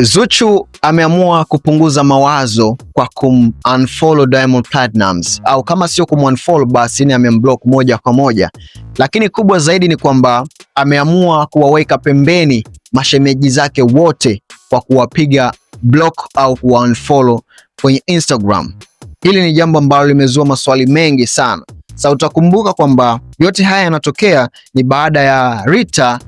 Zuchu ameamua kupunguza mawazo kwa kumunfollow Diamond Platnumz, au kama sio kumunfollow basi ni amemblock moja kwa moja, lakini kubwa zaidi ni kwamba ameamua kuwaweka pembeni mashemeji zake wote kwa kuwapiga block au kuwaunfollow kwenye Instagram. Hili ni jambo ambalo limezua maswali mengi sana. Sasa utakumbuka kwamba yote haya yanatokea ni baada ya Rita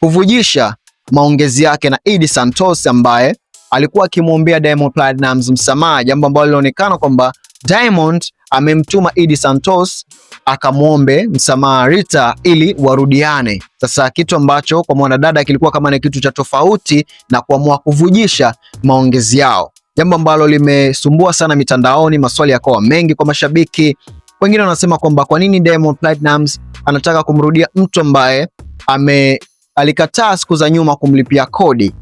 kuvujisha maongezi yake na Idi Santos ambaye alikuwa akimwombea Diamond Platnumz msamaha, jambo ambalo lilionekana kwamba Diamond amemtuma Idi Santos akamwombe msamaha Rita ili warudiane. Sasa kitu ambacho kwa mwanadada kilikuwa kama ni kitu cha tofauti na kuamua kuvujisha maongezi yao, jambo ambalo limesumbua sana mitandaoni, maswali yakawa mengi kwa mashabiki. Wengine wanasema kwamba kwa nini Diamond Platnumz anataka kumrudia mtu ambaye ame alikataa siku za nyuma kumlipia kodi,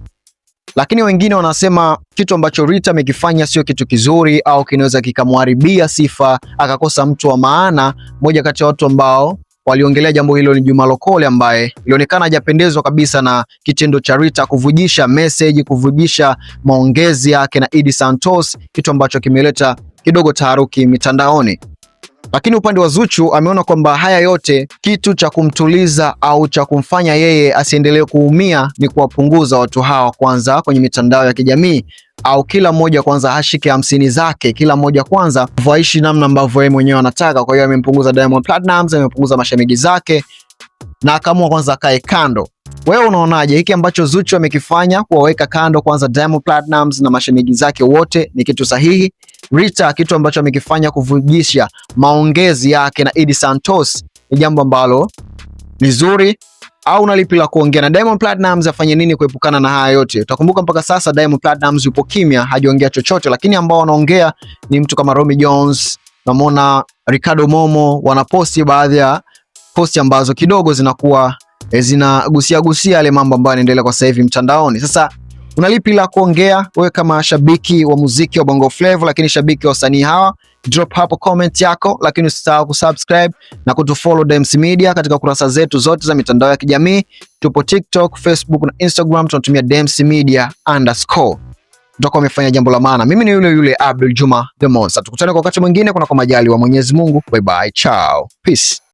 lakini wengine wanasema kitu ambacho Rita amekifanya sio kitu kizuri au kinaweza kikamharibia sifa akakosa mtu wa maana. Moja kati ya watu ambao waliongelea jambo hilo ni Juma Lokole ambaye ilionekana hajapendezwa kabisa na kitendo cha Rita kuvujisha message, kuvujisha maongezi yake na Idi Santos, kitu ambacho kimeleta kidogo taharuki mitandaoni. Lakini upande wa Zuchu ameona kwamba haya yote, kitu cha kumtuliza au cha kumfanya yeye asiendelee kuumia ni kuwapunguza watu hawa kwanza kwenye mitandao ya kijamii au kila mmoja kwanza ashike hamsini zake, kila mmoja kwanza vaishi namna ambavyo yeye mwenyewe anataka. Kwa hiyo amempunguza Diamond Platnumz, amempunguza mashabiki zake na akaamua kwanza akae kando. Wewe unaonaje hiki ambacho Zuchu amekifanya, kuwaweka kando kwanza Diamond Platnumz na mashamigi zake wote, ni kitu sahihi? Rita, kitu ambacho amekifanya kuvujisha maongezi yake na Edi Santos ni jambo ambalo ni zuri au nalipi la kuongea na Diamond Platnumz afanye nini kuepukana na haya yote? Utakumbuka mpaka sasa Diamond Platnumz yupo kimya, hajaongea chochote, lakini ambao wanaongea ni mtu kama Romy Jones, namwona Ricardo Momo wanaposti baadhi ya posti ambazo kidogo zinakuwa eh, zinagusia gusia yale mambo ambayo yanaendelea kwa sasa hivi mtandaoni. Sasa Unalipi la kuongea wewe kama shabiki wa muziki wa Bongo Flava, lakini shabiki wa wasanii hawa? Drop hapo comment yako, lakini usisahau kusubscribe na kutufollow Dems Media katika kurasa zetu zote za mitandao ya kijamii. Tupo TikTok, Facebook na Instagram, tunatumia Dems Media underscore. Tutakuwa umefanya jambo la maana. Mimi ni yule yule Abdul Juma the Monster. Tukutane kwa wakati mwingine, kuna kwa majali wa Mwenyezi Mungu. Bye bye, ciao, peace.